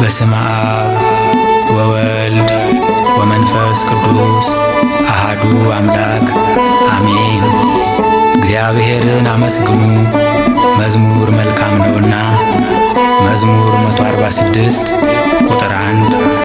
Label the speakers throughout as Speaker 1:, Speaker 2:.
Speaker 1: በስመ አብ ወወልድ ወመንፈስ ቅዱስ አሃዱ አምላክ አሜን። እግዚአብሔርን አመስግኑ መዝሙር መልካም ነውና። መዝሙር 146 ቁጥር 1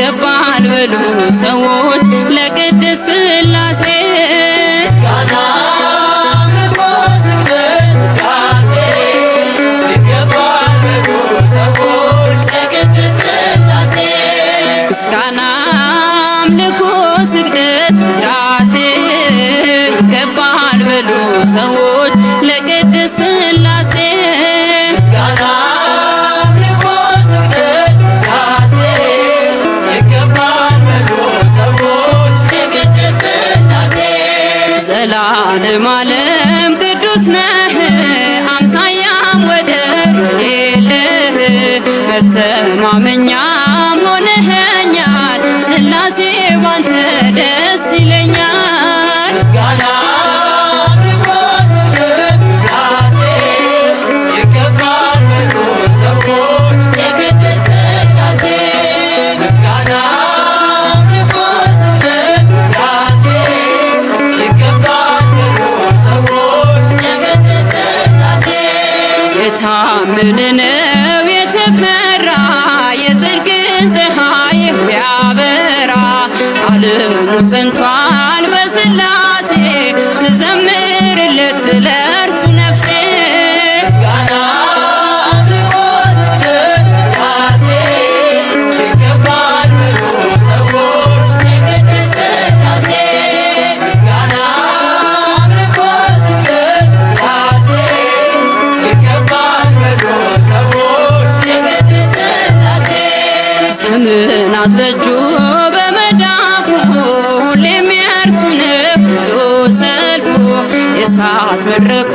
Speaker 1: ይገባል በሉ ሰዎች ለቅድስት ስላሴ ዓለም ዓለም ቅዱስ ነህ አምሳያም ወደር የለህ መተማመኛም ባንተ በድንነው የተፈራ የጽድቅን ፀሐይ ቢያበራ ዓለሙ ምናት በእጁ በመዳፉ ሁሌም ያርሱ ነፍሎ ሰልፉ የሳት መድረኮ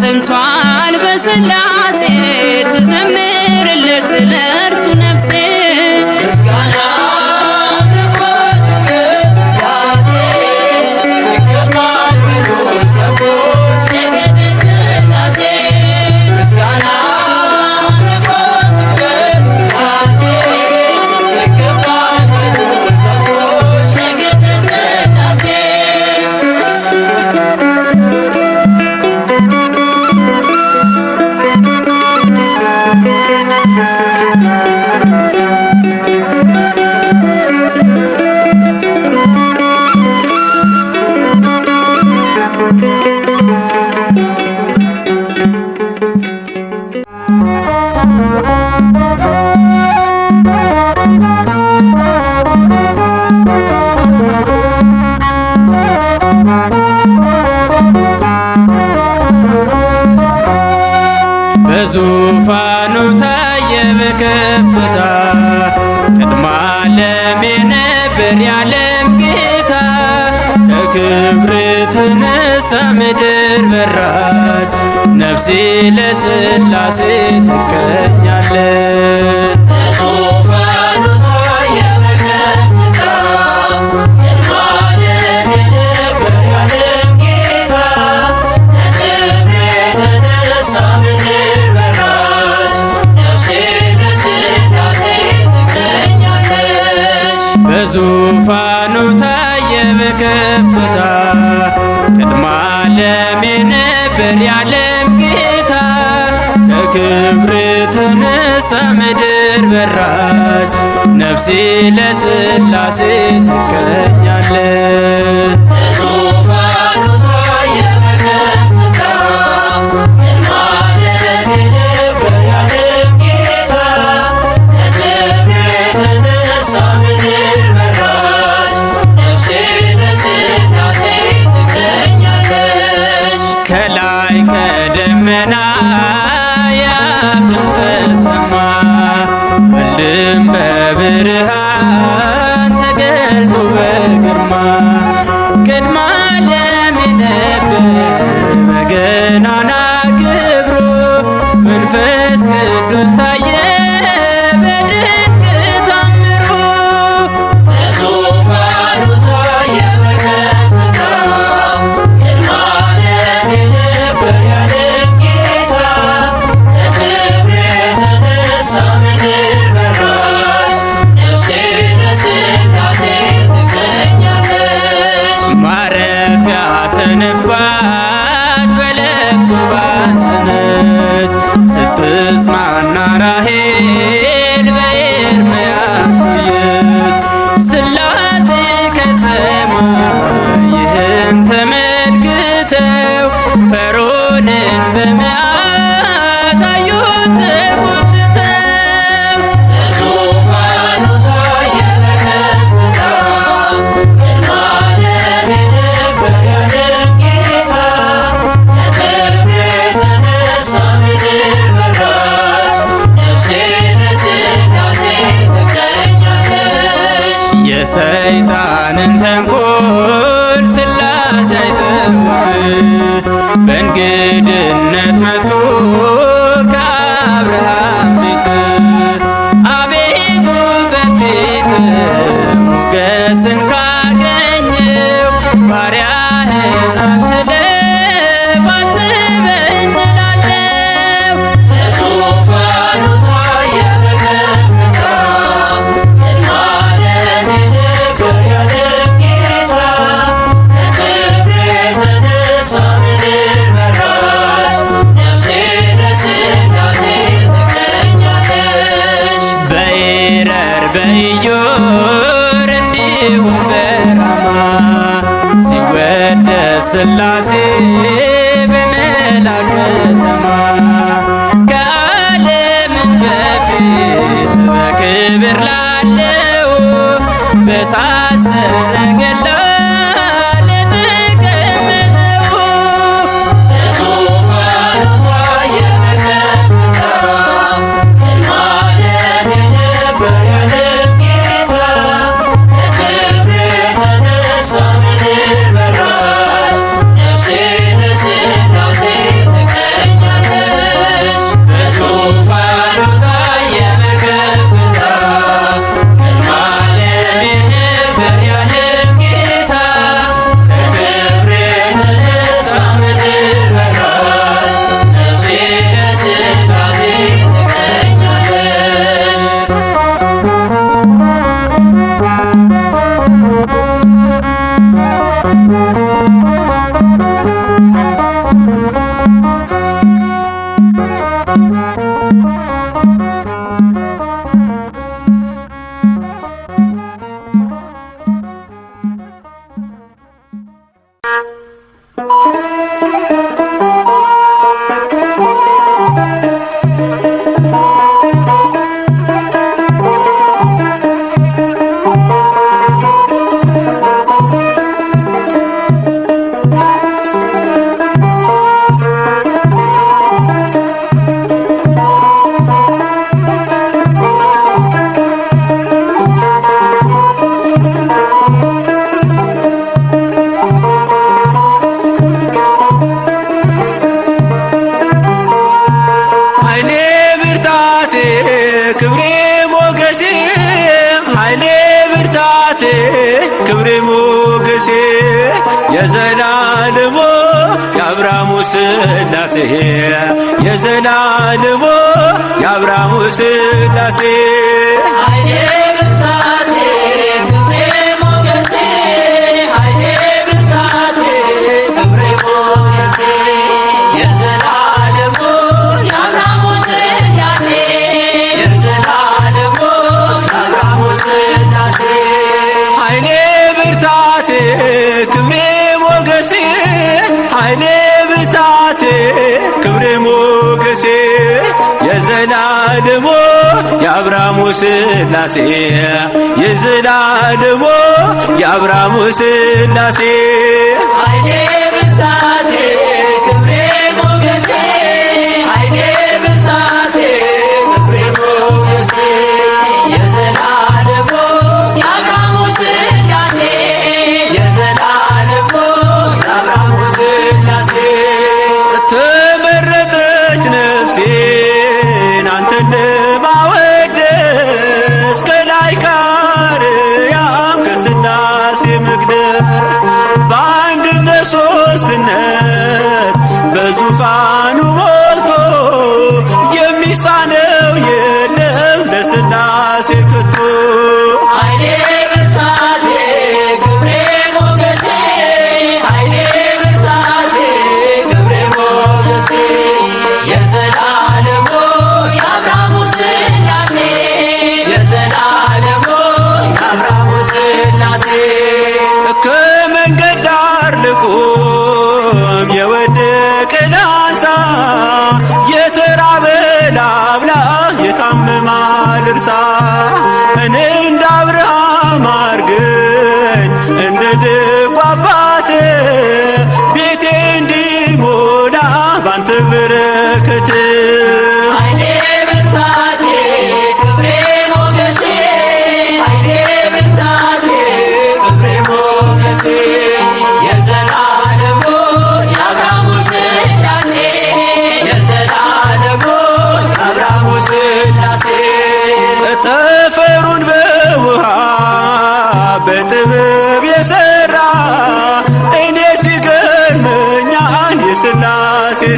Speaker 1: ጽንቷል በስላሴ
Speaker 2: የዓለም ጌታ ከክብር ተነሳ ምድር በራች ነፍሴ ለስላሴ ትቀኛለች። ከፍታ ቅድመ ዓለም የነበር የዓለም ጌታ ከክብር ተነሳ ምድር በራች ነፍሴ ለስላሴ ትቀኛለች። receita ስላሴ በመላከተማ። የዘላለሙ የአብርሃሙ ሥላሴ የአብርሃሙ ስላሴ የዘላለሙ የአብርሃሙ ስላሴ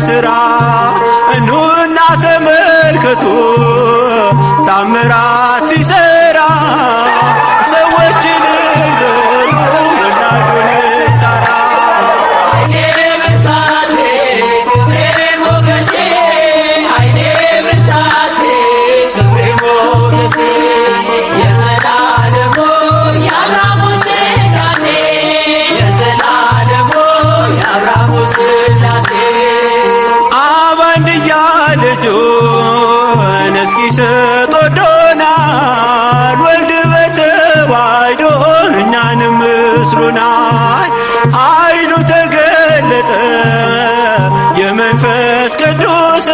Speaker 2: ስራ ኑ እና ተመልከቱ ታምራ ልጁን እስኪሰጥ ወዶናል። ወልድ በተዋሕዶ እኛንም ምስሉናል። ኃይሉ ተገለጠ የመንፈስ ቅዱስ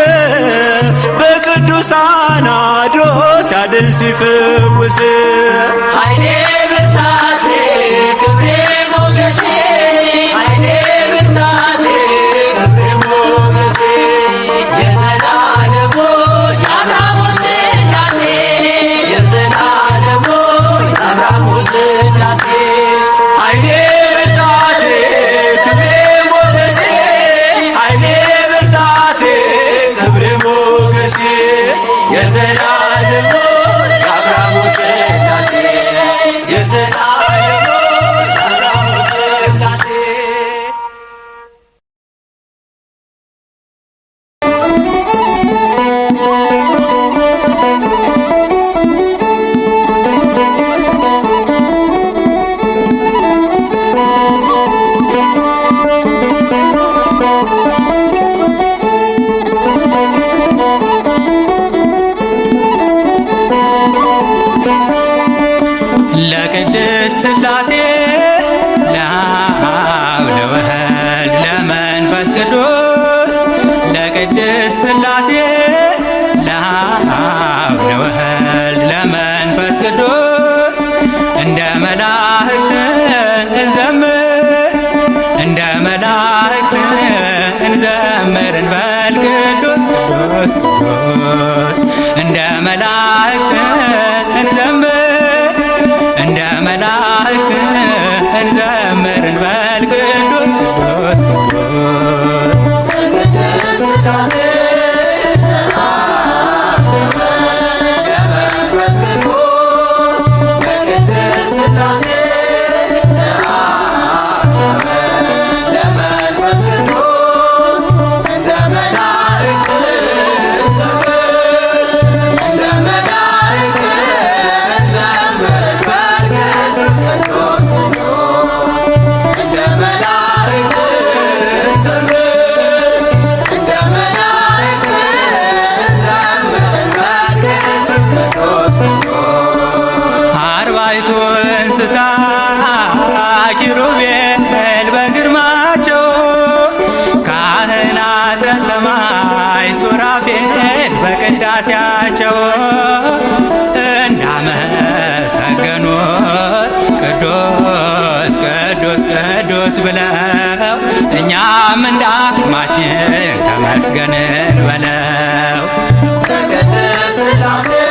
Speaker 2: በቅዱሳን አድሮ ሲያድን ሲፈውስ
Speaker 3: የዘላለም የአብርሃሙ ስላሴ የዘላ
Speaker 2: መላእክት እንዘምር እንደ መላእክት እንዘምር እንበል ቅዱስ ቅዱስ ቅዱስ እንደ መላእክት እንዘምር እንደ መላእክት እንዘምር لا አምላካችን ተመስገንን በለው
Speaker 3: ቅድስት ሥላሴ ቅዱስ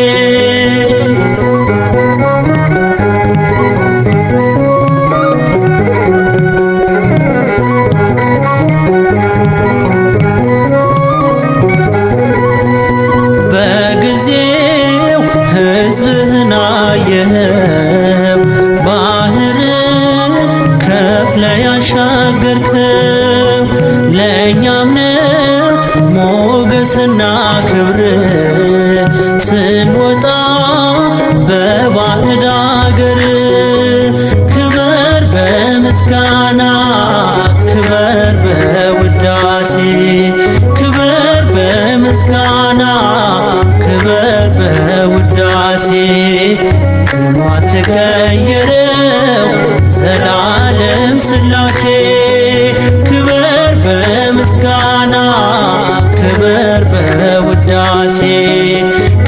Speaker 1: Yeah. ስላሴ ክበር በምስጋና ክበር በውዳሴ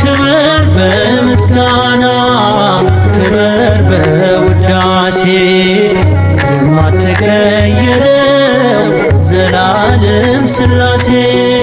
Speaker 1: ክበር በምስጋና ክበር በውዳሴ የማትቀየረው ዘላለም ስላሴ